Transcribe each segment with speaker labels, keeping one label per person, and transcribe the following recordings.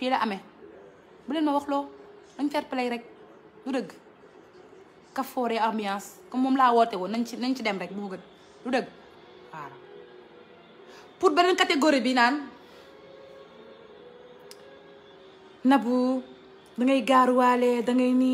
Speaker 1: fi la amé bu len ma wax lo dañ fair play rek du ka foré ambiance comme mom la woté won nañ ci nañ ci dem rek mo gën du deug waaw pour benen catégorie bi nan nabu da ngay walé da ngay ni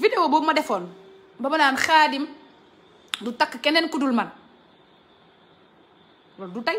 Speaker 1: vidéo bu ma ba ma du tak kenen kudul man du tay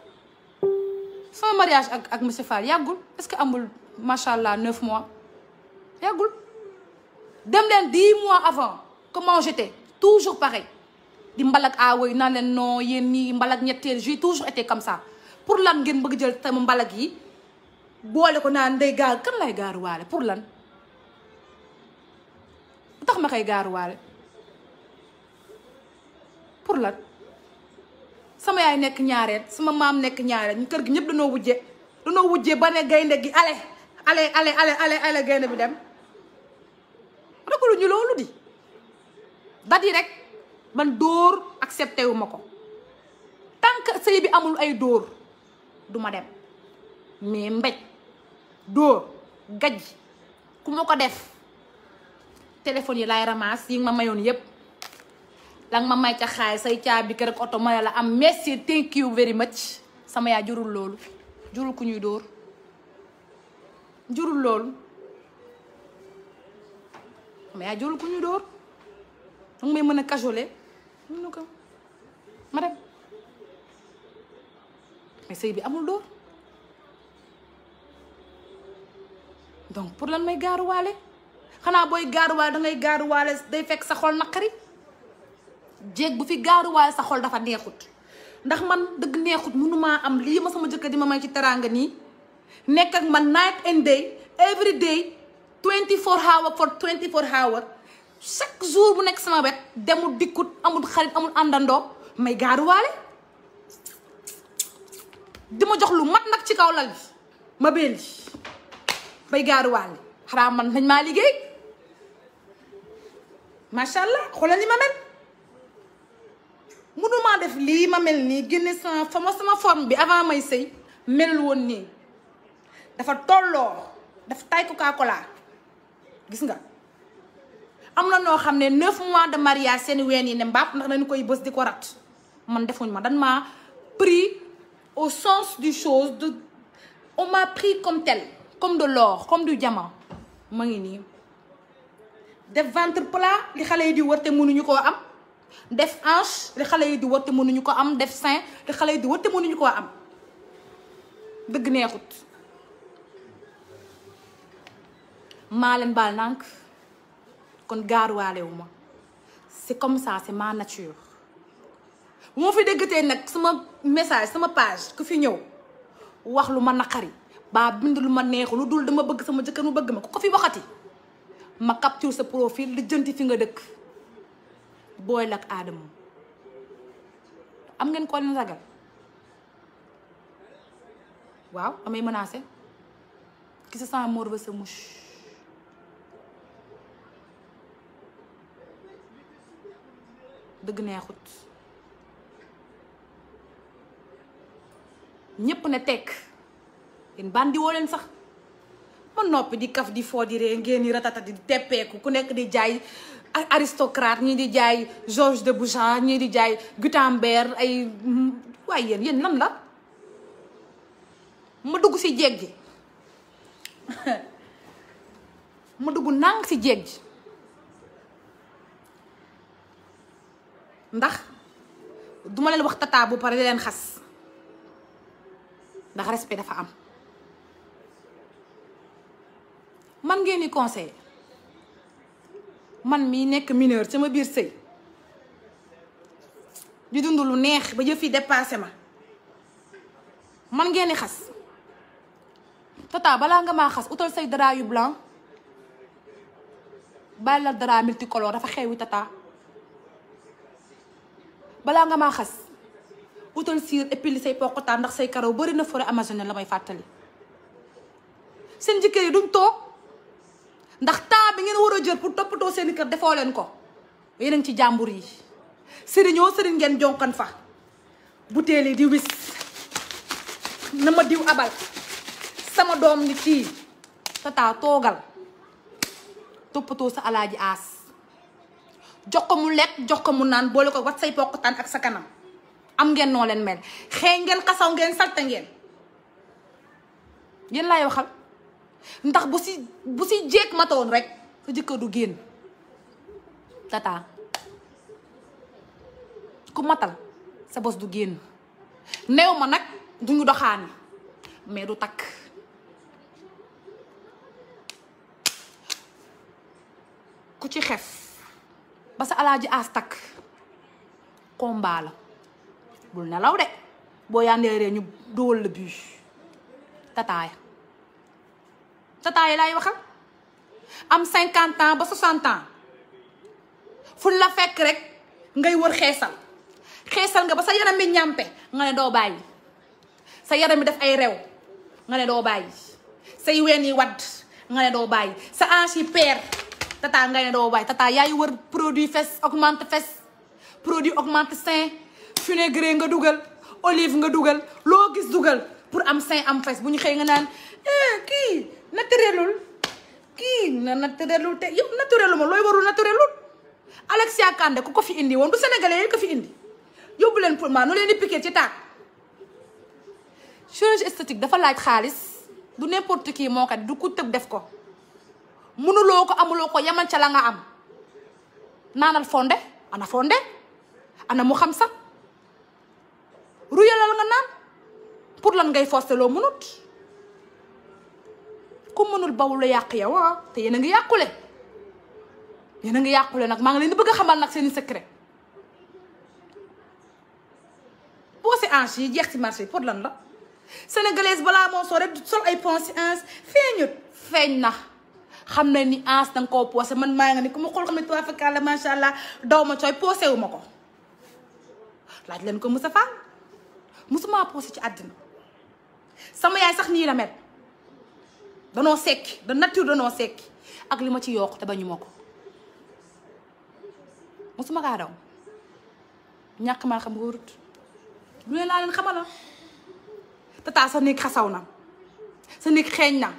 Speaker 1: sama mariage ak ak monsieur Fall yàggul est-ce que amul machallah 9 neuf mois yàggul dem len dix mois avant comment j'étais toujours pareil di mbalak aawoy naan leen non yéen ni mbalak ñetteel j'ai toujours été comme ça pour lan ngeen bëgg jël tam mbalak yi boole ko naan day gaar kan lay gaaruwaale pour lan tax ma koy pour lan sama yaay nek ñaarel sama mam nek ñaarel ñu kër gi ñep dañu wujje dañu wujje bané gaynde gi ale ale ale ale ale ale gaynde bi dem ragalu ñu lolu di dat yi rek man door accepté wu mako tank sey bi amul ay door duma dem mais mbéj door gaj kumoko def téléphone yi lay ramass yi ma mayoon yépp lang ma may ca xaay say caabi kër ak oto ma la am merci thank you very much sama yaa jurul loolu jurul ku ñuy dóor jurul loolu sama yaa jurul ku ñuy dóor danga may mën a cajoler na ko ma dem mais bi amul dóor donc pour lan may gaaruwaale xanaa booy gaaruwaale dangay gaaruwaale day fekk sa xol naqari jéeg bu fi gaaruwaay sa xol dafa neexut ndax man dëgg neexut mënumaa am lii ma sama jëkkër di ma may ci teraanga nii nekk ak man night and day every day 24 hour for 24 hour chaque jour bu nekk sama wet demul dikkut amul xarit amul àndandoo may gaaruwaale di ma jox lu mat nag ci kaw lal bi ma benn may gaaruwaale xanaa man nañ maa liggéey macha allah xoolal li ma mel. Je def li ma mel nii sama fama sama forme bi avant may sey mel dafa tolo dafa tay coca cola gis nga mois de mariage sen Je suis Mbap, ndax dañu koy bës diko ma pris au sens du chose de on m'a pris comme tel comme de l'or comme du diamant def hanche xale yi di wër te mënuñu ko am def sein li xale yi di wër te mënuñu koo am dëgg neexut maa leen baal nànk kon gaaruwaale wu ma c'est comme ça c'est ma nature bu ma fi déggatee nag sama message sama page ku fi ñëw wax lu ma naqari baa bind lu ma neexu lu dul dama bëgg sama jëkkër mu bëgg ma ku ko fi waxati ma capture sa profil li jënti fi nga dëkk booy ak aadama am ngeen ko leen ragal waaw damay menacé qui se sent mort va se dëgg neexut ñépp ne tekk yéen bandi woo leen sax ma noppi di kaf di foo di ree ngeen di di teppeeku ku nekk di jaay aristocrate ñii di jaay Georges de Bouchan ñii di jaay Gutenberg ay waaye yéen yéen nan la ma dugg si jeeg ji ma dugg nàng si jeeg ji ndax duma leen wax tata bu pare di leen xas ndax respect dafa am man ngeen di conseil man mi nek mineur sama bir sey di dund lu neex ba jëf yi ma man ngeen xass tata bala nga ma xass outal say dara yu blanc bala dara multicolore dafa xewi tata bala nga maa xas utal siir épili sey pokota ndax say karaw beuri na foré amazonienne lamay fatali sen jikeri duñ tok ndax temps bi ngeen war jeur pour toppatoo seen keur defoo leen ko yeen ngi ci jambour yi serigne ngeen jonkan fa bouteli di wiss nama diw abal sama dom ni kii tata togal toppatoo sa alaaji as jokko mu lek jokko mu nan boole ko wat say tan ak sa kanam am ngeen no len mel xey ngeen xassaw ngeen ngeen lay waxal Entah bu si bu si jéeg rek sa kerugian. tata ku matal sa bos du génn néew ma nag duñu tak. mais du ku ci xef ba sa alaaji as tak combat la bul nelaw de bo yandere ñu dool le tataay lay waxal am sen ans ba 60 ans fu la fek rek ngay wor xéssal xéssal nga ba sa yaram mi ñampé nga né do bayyi sa yaram mi def ay rew nga né do bayyi say ween yi wadd nga né do bayyi sa hanche père tata nga né do bayyi tata yaay wor produit fes augmente fes produit augmente sein funégré nga duggal olive nga dugal lo gis duggal pour am sein am fes buñu ñu nga nan eh ki. naturelul kii na naturelul te yëpp naturelu ma looy warul naturelul Alexia Kandé ku ko fi indi woon du sénégalais yi ko fi indi yóbbu leen pour maa nu leen di piqué ci taat chirurgie esthétique dafa laaj xaalis du n'importe qui moo ko du ku tëb def ko mënuloo ko amuloo ko yamal ca la nga am naanal fonde ana fonde ana mu xam sax ruyalal nga naan pour lan ngay forcer loo mënut comme mënul bawul yàq yow ah te yéen ngi yàqule yéen a ngi yàqule nag maa ngi leen di bëgg a xamal nag seen i secret poche ange yi jeex ci marché pour lan la sénégalaise balaa moo soo rek sol ay poche ange feeñut feeñ na xam nañ ni ange danga koo poosé man maa nga ni ku ma xool xam ne tubaab fakkaale macha allah daw ma cooy poosé wu ma ko laaj leen ko Moussa Fall musuma ci àddina sama yaay sax nii la mel. danoo sekki da nature danoo sekki ak li ma ci yokk te bañu ma ko mosuma kaa daw ñàkk maa xam wóorut lu ne laa leen xamala ah. tata sa néeg xasaw na sa néeg xeeñ na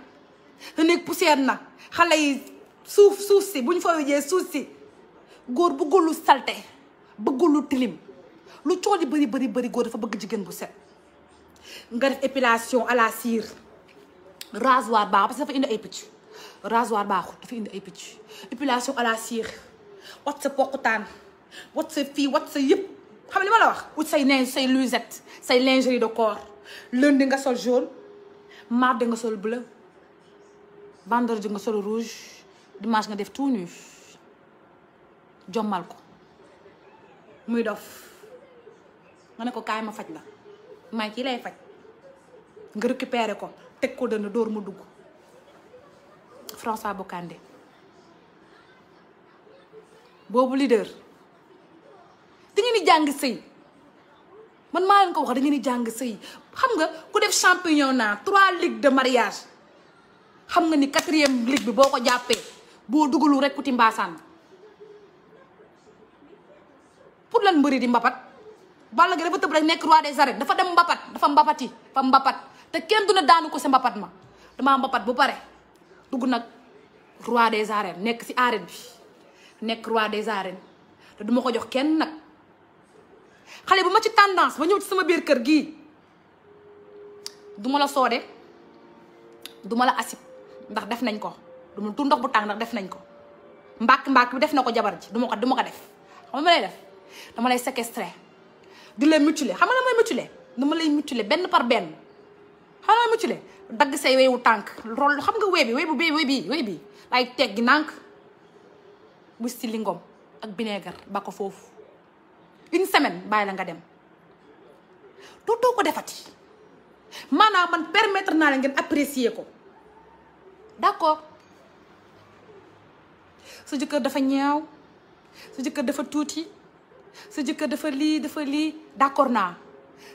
Speaker 1: sa néeg poussière na xale yi suuf suuf si bu ñu fa wéjee suuf si góor bëggulu lu salte bëggul lu tilim lu coono bari bari bari góor dafa bëgg jigéen bu set nga def épilation à rasoir baax parce que dafa indi ay picc rasoir baaxut dafa indi ay picc épilation à la cire wat sa poqutaan wat sa fii wat sa yëpp xam li ma la wax ut say neige say lusette say lingerie de corps lundi nga sol jaune mardi nga sol bleu vendredi nga sol rouge dimanche nga def tout nu jommal ko muy dof nga ne ko kaay ma faj la may kii lay faj nga récupérer ko tek ko dana dóor mu dugg François bokandé bobu leader da ngeen di jàng man ma leen ko wax da ngeen di jàng sëy xam nga ku def championnat 3 ligue de mariage xam nga ni 4e ligue bi boko jappé bo boo rek kouti mbassane pour lan mbeuri di mbapat Balla Gaye dafa teub rek nek roi des arènes dafa dem mbapat dafa mbapati fa mbapat te kenn du na daanu ko sama patma ma dama mbapat bu pare dug nak roi des arènes nek ci arène bi nek roi des arènes te duma ko jox kenn nak xalé bu ma ci tendance ba ñew ci sama biir kër gi duma la sodé duma la asib ndax def nañ ko duma tu ndox bu tang ndax def nañ ko mbak mbak bi def nako jabar ci duma ko duma ko def xam nga lay def dama lay séquestrer di lay mutuler xam nga lay mutuler lay mutuler ben par ben xanaa mucc le dagg say weewu tànk roll xam nga wee bi wee bu bi wee bi wee bi lay teggi nànk wis ci lingom ak bineegar ba ko foofu une semaine bàyyi la nga dem dootoo ko defati maanaa man permettre naa la ngeen apprécier ko d'accord sa jëkkër dafa ñaaw sa jëkkër dafa tuuti sa jëkkër dafa lii dafa lii d'accord naa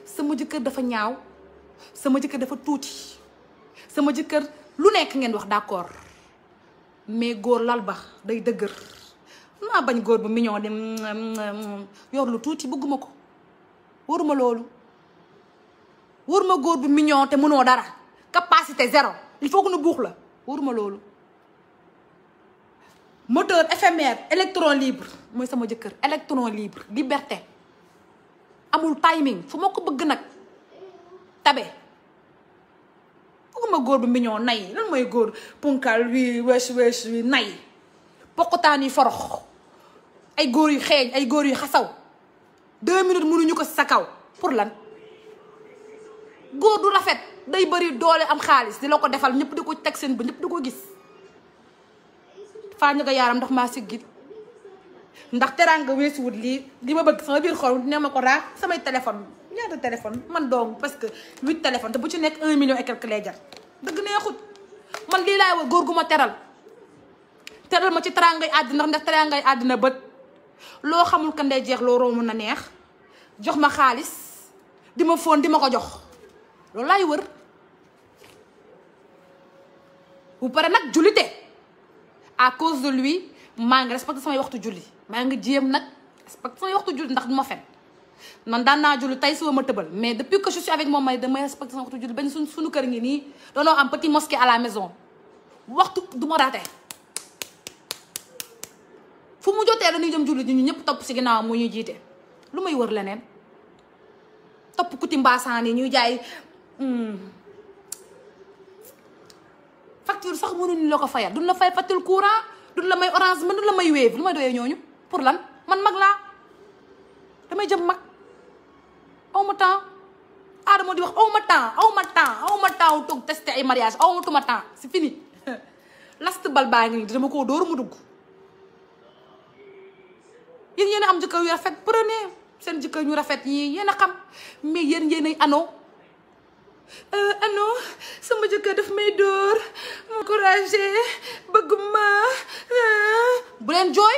Speaker 1: sama jëkkër dafa ñaaw sama jëkkër dafa tuuti sama jëkkër lu nekk ngeen wax d'accord mais góor lal ba day lu naa bañ góor bu mignon di yor lu tuuti bëgguma ko waruma loolu waruma góor bu mignon te mënoo dara capacité zéro il faut que nu buux la waruma loolu moteur éphémère électron libre mooy sama jëkkër électron libre liberté amul timing fu ma ko bëgg nag tabe bëgguma góor bu mignon nay lan mooy góor punkal wi wees wees wi nay poqutaan yi forox ay góor yu xeeñ ay góor yu xasaw deux minutes mënuñu ko sa kaw pour lan góor du rafet day bëri doole am xaalis di la ko defal ñëpp di ko teg seen ba ñëpp di ko gis faa ñu ko yaaram ndox maa siggit ndax teraanga weesuwut lii li ma bëgg sama biir xool dina ma ko raax samay téléphone ñaata téléphone man doom parce que huit téléphone te bu ci nekk un million et quelque lay jar man lii laay wax góor gu ma teral teral ma ci teraangay àddina ndax teraangay àddina bët loo xamul kan jeex loo romb na neex jox ma xaalis di ma fóon di ma ko jox loolu laay wër bu pare nag jullite à cause de lui maa ngi respecté samay waxtu julli ma nga jiem nak respecte sama waxtu jul ndax duma ma fen man da na jul tay suma ma mais depuis que je suis avec mon mari damay respecté sama waxtu jul ben sunu sunu keur ngi nii doonoo am petit mosquée à la maison waxtu duma raté fu mu jotee dañuy dem julli ñu ñep top ci ginaaw mu ñu jité lu may wër leneen topp kuti mbaasaan yi ñuy jaay hmm facture sax mënu ñu lako fayal duñ la fay facture courant duñ la may orange mënu la may wave lu may doye ñooñu pour lan man mag la damay jëm mag aw ma temps aadama di wax aw ma temps aw ma temps aw ma temps wu toog testé ay mariage aw ma tuma temps c'est fini last bal ba ngi dama ko dóor mu dugg yeen yeen am jëkkër yu rafet prenez sen jëkkër ñu rafet yi yeen xam mais yeen yeen ay ano ano sama jëkë def may dóor encouragé bëgguma ma bu len joy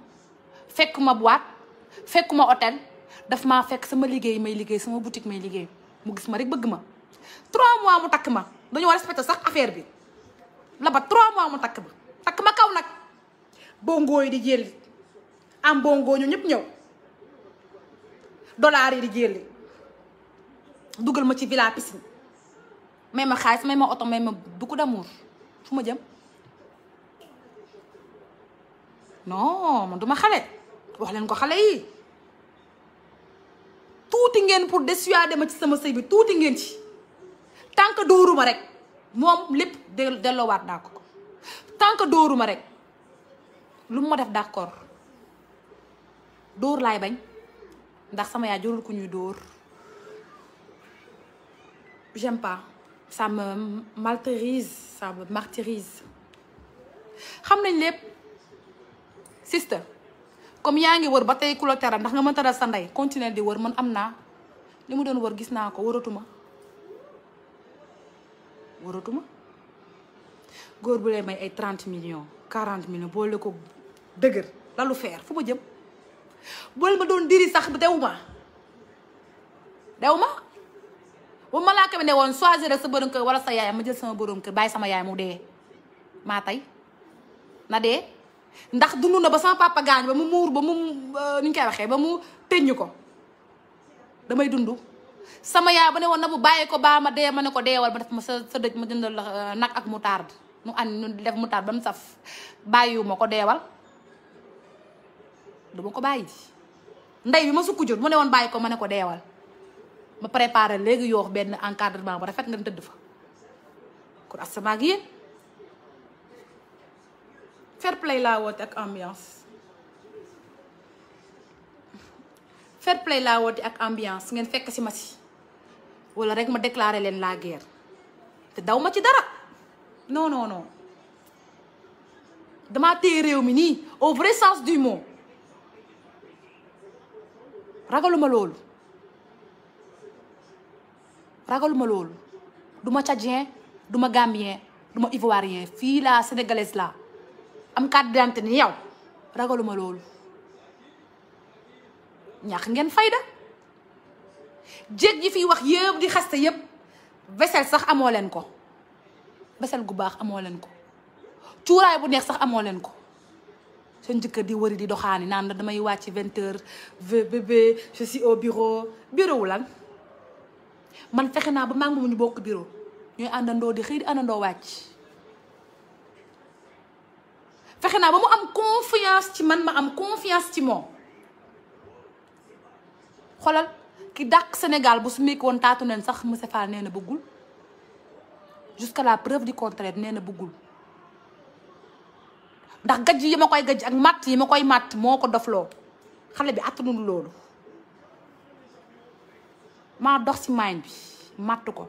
Speaker 1: ma boîte ma hôtel daf ma fekk sama liggéey may liggéey sama boutique may liggéey mu gis ma rek bëgg ma. 3 mois mu tak ma dañu respecté sax affaire bi la ba 3 mois mu tak ma tak ma kaw nak bongo yi di jël am bongo ñu ñep ñew dollar yi di jël duggal ma ci villa piscine may ma xaalis may ma auto may ma beaucoup d'amour fuma jëm non man duma xalé wax leen ko xale yi tuuti ngeen pour dissuader dema ci sama sëy bi tuuti ngeen ci tant que dóoruma rek moom lépp delloowaat naa ko ko tant que dóoruma rek lu mu ma def d'accord dóor laay bañ ndax sama yaay jurul ku ñuy dóor j'aime pas ça me martyrise ça me martyrise xam nañ lépp sister comme yaa ngi wër ba tey ku la teral ndax nga mën teral sa ndey continuer di wër man am naa li ma doon wër gis naa ko wëratuma wëratuma góor bu lay may ay trente million quarante millions boole ko dëgër lalu feer fu ma jëm boole ma doon diri sax dew ma dew ma bu ma laa ko ne woon choisir rek sa borom kër wala sa yaay ma jël sama borom kër bàyyi sama yaay mu dee maa tey na dee ndax dundu na ba sama papa gañ ba mu muur ba mu ni ñu koy waxe ba mu ko damay dundu sama ya ba ne woon na bu baye ko ba ma dee ma ko deewal ma def ma sa deej ma uh, nak ak mutard nu an nu def moutarde saf bayu ma ko deewal du ko bayyi nday bi ma sukk jur mu ne woon ko mané ne ko deewal ma préparé léegi yoox ben encadrement bu rafet nga teud fa ko asama gi Faire play là woote avec ambiance Faire play là woote avec ambiance faites fekk si ma wala rek la guerre te daw non non non Je suis au vrai sens du mot je du ma tchadien du gambien du ivoirien la sénégalaise là. am carte d'identité ni yow ragaluma loolu ñàkk ngeen fayda jéeg yi wax yeb di xasta yeb vessel sax amo len ko vessel gu bax amo len ko touray bu neex sax amo len ko di wori di doxani nan da damay wacc 20h bébé je suis au bureau bureau lan man fexena ba bureau ñoy andando di xëy di àndandoo wàcc Je suis confiance ci man ma am confiance ci ki dak Sénégal bu su sax Fall jusqu'à la preuve du contraire nee bëggul ndax gadj yi makoy gadj ak mat yi suis mat moko doflo xalé bi ma dox ci bi ko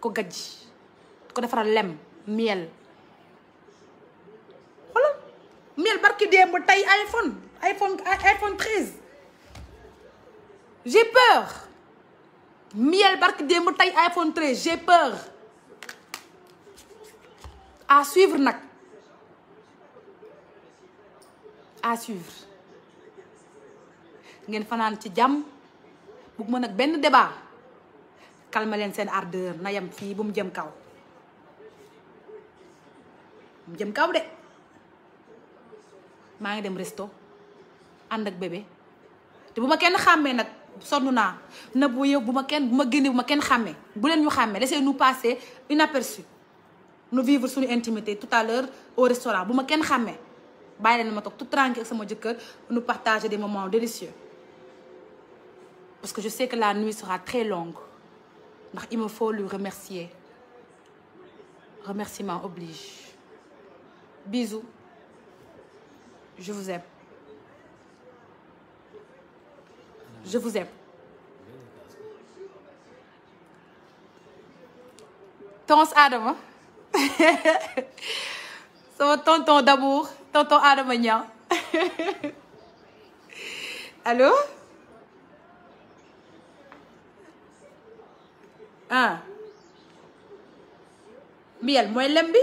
Speaker 1: ko ko lem miel dit démb tey iPhone iPhone iPhone 13 j'ai peur miel barki démb tey iPhone 13 j'ai peur à suivre Nak. à suivre Vous fanaan ci jam bug de nag Vous débat calme leen seen ardeur Je yem fii bu kaw mu maa dem resto avec bébé te buma kenn xamé nak na bu yow kenn buma buma kenn laissez-nous passer inaperçu Nous intimité tout à l'heure au restaurant buma kenn xamé ma tok tout tranquille sama jëkkër nous partager des moments délicieux parce que je sais que la nuit sera très longue ndax il me faut lui remercier remerciement oblige bisous je vous aime. Je vous aime. Tons Adama. mon tonton d'amour tonton Adama Nya. allo ah miel elle l'embi. bien.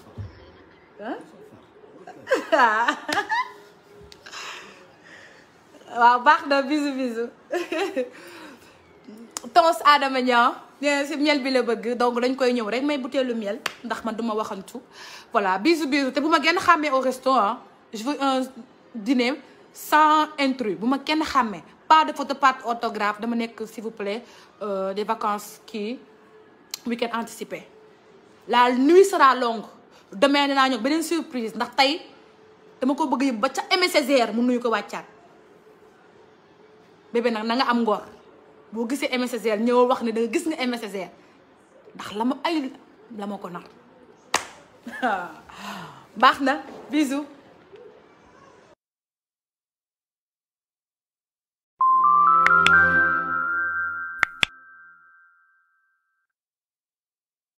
Speaker 1: waaw baax na bisu bisu tons Adama Niang c'est si miel bi la bëgg donc dañ koy ñëw rek may buteelu miel ndax man duma waxantu voilà bisous, bisu te bu ma kenn xàmmee au restaurant hein, je veux un dîner sans intrus Vous ma kenn xàmmee pas de photo pas autographe dama que s'il vous plaît euh, des vacances qui week-end anticipé la nuit sera longue demain dinaa ñëw beneen surprise ndax tey dama ko bëgg yëpp ba ca MSCR mu nuyu ko wàccaat bébé nag na nga am ngor boo gisee MSCR ñëwal wax ne da gis nga MSCR ndax la ma ay la ko nar baax na bisous